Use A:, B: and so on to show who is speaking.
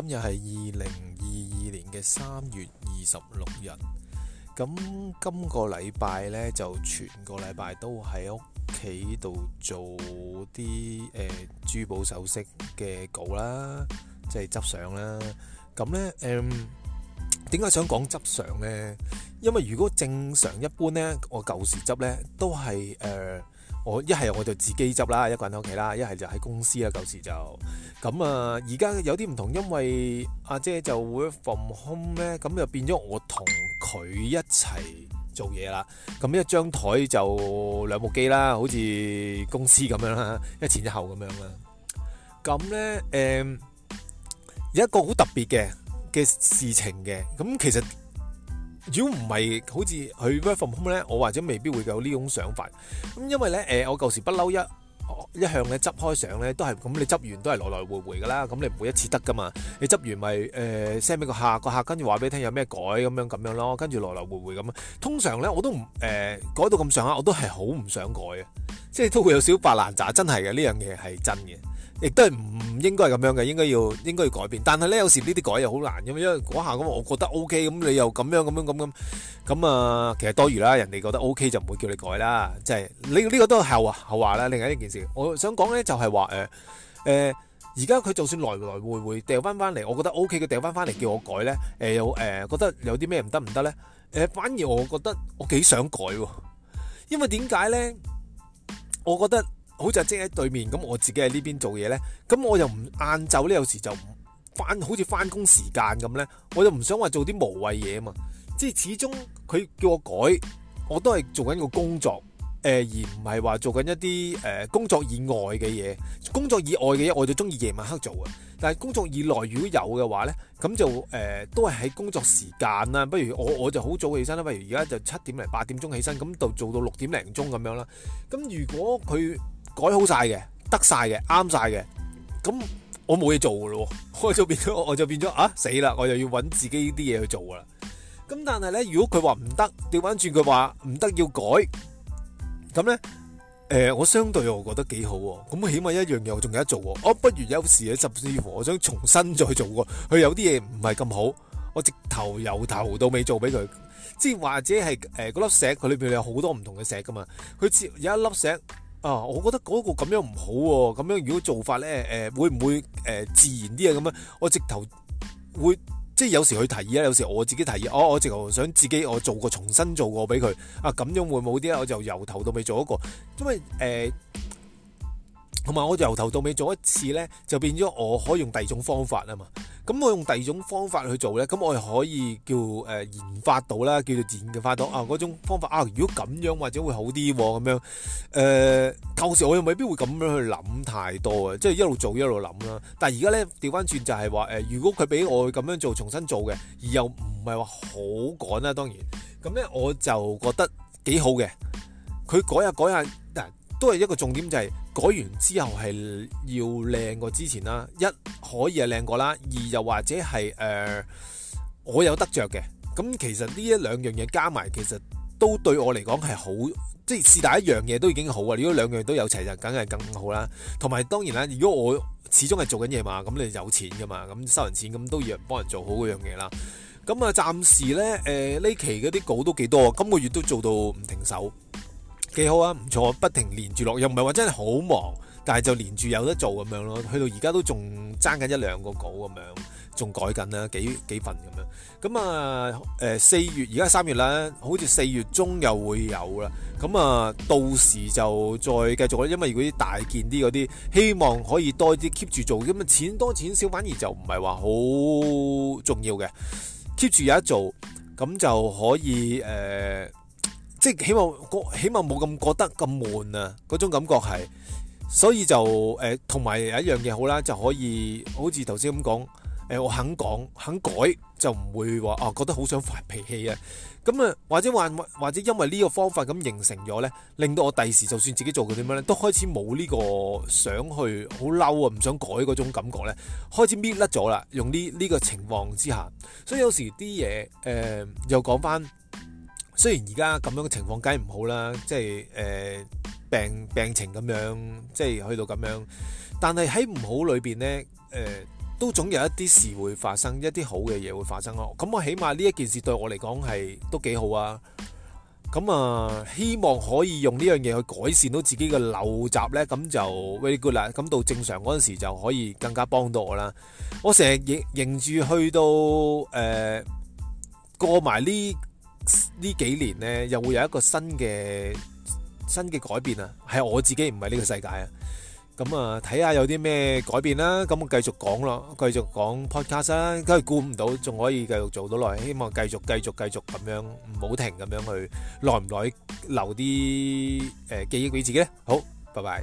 A: 今日係二零二二年嘅三月二十六日，咁今個禮拜呢就全個禮拜都喺屋企度做啲誒珠寶首飾嘅稿啦，即係執相啦。咁呢，誒，點解想講執相呢？因為如果正常一般呢，我舊時執呢都係誒。我一係我就自己執啦，一個人喺屋企啦；一係就喺公司啦，舊時就咁啊。而家有啲唔同，因為阿姐就會 work from home 咧，咁就變咗我同佢一齊做嘢啦。咁一張枱就兩部機啦，好似公司咁樣啦，一前一後咁樣啦。咁咧，誒、嗯、有一個好特別嘅嘅事情嘅，咁其實。如果唔係，好似佢 work from home 咧，我或者未必會有呢種想法。咁因為咧，誒、呃，我舊時不嬲一一向咧執開相咧，都係咁。你執完都係來來回回噶啦。咁你每一次得噶嘛？你執完咪誒 send 俾個客，個客跟住話俾你聽有咩改咁樣咁樣咯。跟住來來回回咁。通常咧，我都唔誒、呃、改到咁上下，我都係好唔想改嘅。即係都會有少白爛渣，真係嘅，呢樣嘢係真嘅。亦都係唔應該係咁樣嘅，應該要應該要改變。但係咧，有時呢啲改又好難，因為嗰下咁，我覺得 O K，咁你又咁樣咁樣咁咁咁啊，其實多餘啦。人哋覺得 O K 就唔會叫你改啦。即係呢呢個都係後話後話啦。另外一件事，我想講咧就係話誒誒，而家佢就算來來回回掉翻翻嚟，我覺得 O K，佢掉翻翻嚟叫我改咧，誒有誒覺得有啲咩唔得唔得咧，誒反而我覺得我幾想改喎，因為點解咧？我覺得。好似就正喺對面，咁我自己喺呢邊做嘢呢，咁我又唔晏晝呢，有時就唔翻好似翻工時間咁呢，我就唔想話做啲無謂嘢啊嘛，即係始終佢叫我改，我都係做緊個工作。誒，而唔係話做緊一啲誒工作以外嘅嘢，工作以外嘅嘢我就中意夜晚黑做嘅。但係工作以內如果有嘅話咧，咁就誒、呃、都係喺工作時間啦。不如我我就好早起身啦，不如而家就七點零八點鐘起身，咁就做到六點零鐘咁樣啦。咁如果佢改好晒嘅，得晒嘅，啱晒嘅，咁我冇嘢做噶咯，我就變咗我就變咗啊死啦！我又、啊、要揾自己啲嘢去做噶啦。咁但係咧，如果佢話唔得，調翻轉佢話唔得要改。咁咧、呃，我相對我覺得幾好喎、哦。咁起碼一樣嘢我仲有得做喎、哦。我、啊、不如有時喺執衣服，甚至乎我想重新再做喎、哦。佢有啲嘢唔係咁好，我直頭由頭到尾做俾佢。即係或者係誒嗰粒石，佢裏面有好多唔同嘅石㗎嘛。佢只有一粒石啊，我覺得嗰個咁樣唔好喎、哦。咁樣如果做法咧誒、呃，會唔會、呃、自然啲啊？咁樣我直頭會。即係有時佢提議啊，有時我自己提議，我、哦、我直頭想自己我做過重新做過俾佢啊，咁樣會唔會好啲咧？我就由頭到尾做一個，因為誒同埋我由頭到尾做一次咧，就變咗我可以用第二種方法啊嘛。咁我用第二種方法去做呢。咁我可以叫誒研發到啦，叫做自然嘅發到啊嗰種方法啊，如果咁樣或者會好啲咁、哦、樣，誒、呃、舊時我又未必會咁樣去諗太多啊，即係一路做一路諗啦。但係而家呢，調翻轉就係話、呃、如果佢俾我咁樣做重新做嘅，而又唔係話好趕啦，當然咁呢我就覺得幾好嘅。佢改下改下，都係一個重點就係、是。改完之後係要靚過之前啦，一可以係靚過啦，二又或者係誒、呃、我有得着嘅。咁其實呢一兩樣嘢加埋，其實都對我嚟講係好，即係大一樣嘢都已經好啊。如果兩樣都有齊就梗係更好啦。同埋當然啦，如果我始終係做緊嘢嘛，咁你有錢噶嘛，咁收人錢咁都要幫人做好嗰樣嘢啦。咁啊，暫時咧誒呢、呃、期嘅啲稿都幾多，今個月都做到唔停手。幾好啊，唔錯，不停連住落，又唔係話真係好忙，但係就連住有得做咁樣咯。去到而家都仲爭緊一兩個稿咁樣，仲改緊啦，幾幾份咁樣。咁、嗯、啊，誒四月而家三月啦，好似四月中又會有啦。咁、嗯、啊，到時就再繼續。因為如果啲大件啲嗰啲，希望可以多啲 keep 住做，咁啊錢多錢少反而就唔係話好重要嘅，keep 住有得做，咁就可以誒。呃即係起碼起碼冇咁覺得咁悶啊，嗰種感覺係，所以就同埋、呃、有一樣嘢好啦，就可以好似頭先咁講，我肯講肯改，就唔會話啊覺得好想發脾氣啊，咁啊或者或或者因為呢個方法咁形成咗呢，令到我第時就算自己做緊點樣呢都開始冇呢個想去好嬲啊，唔想改嗰種感覺呢，開始搣甩咗啦。用呢、呢個情況之下，所以有時啲嘢、呃、又講翻。雖然而家咁樣嘅情況梗係唔好啦，即係誒病病情咁樣，即係去到咁樣，但係喺唔好裏邊呢，誒都總有一啲事會發生，一啲好嘅嘢會發生咯。咁我起碼呢一件事對我嚟講係都幾好啊。咁啊，希望可以用呢樣嘢去改善到自己嘅陋習呢。咁就 very good 啦。咁到正常嗰陣時就可以更加幫到我啦。我成日迎住去到誒過埋呢，呢幾年咧又會有一個新嘅新嘅改變啊，係我自己唔係呢個世界啊，咁啊睇下有啲咩改變啦，咁我繼續講咯，繼續講 podcast 啦，梗係估唔到仲可以繼續做到耐，希望繼續繼續繼續咁樣唔好停咁樣去，耐唔耐留啲誒記憶俾自己咧，好，拜拜。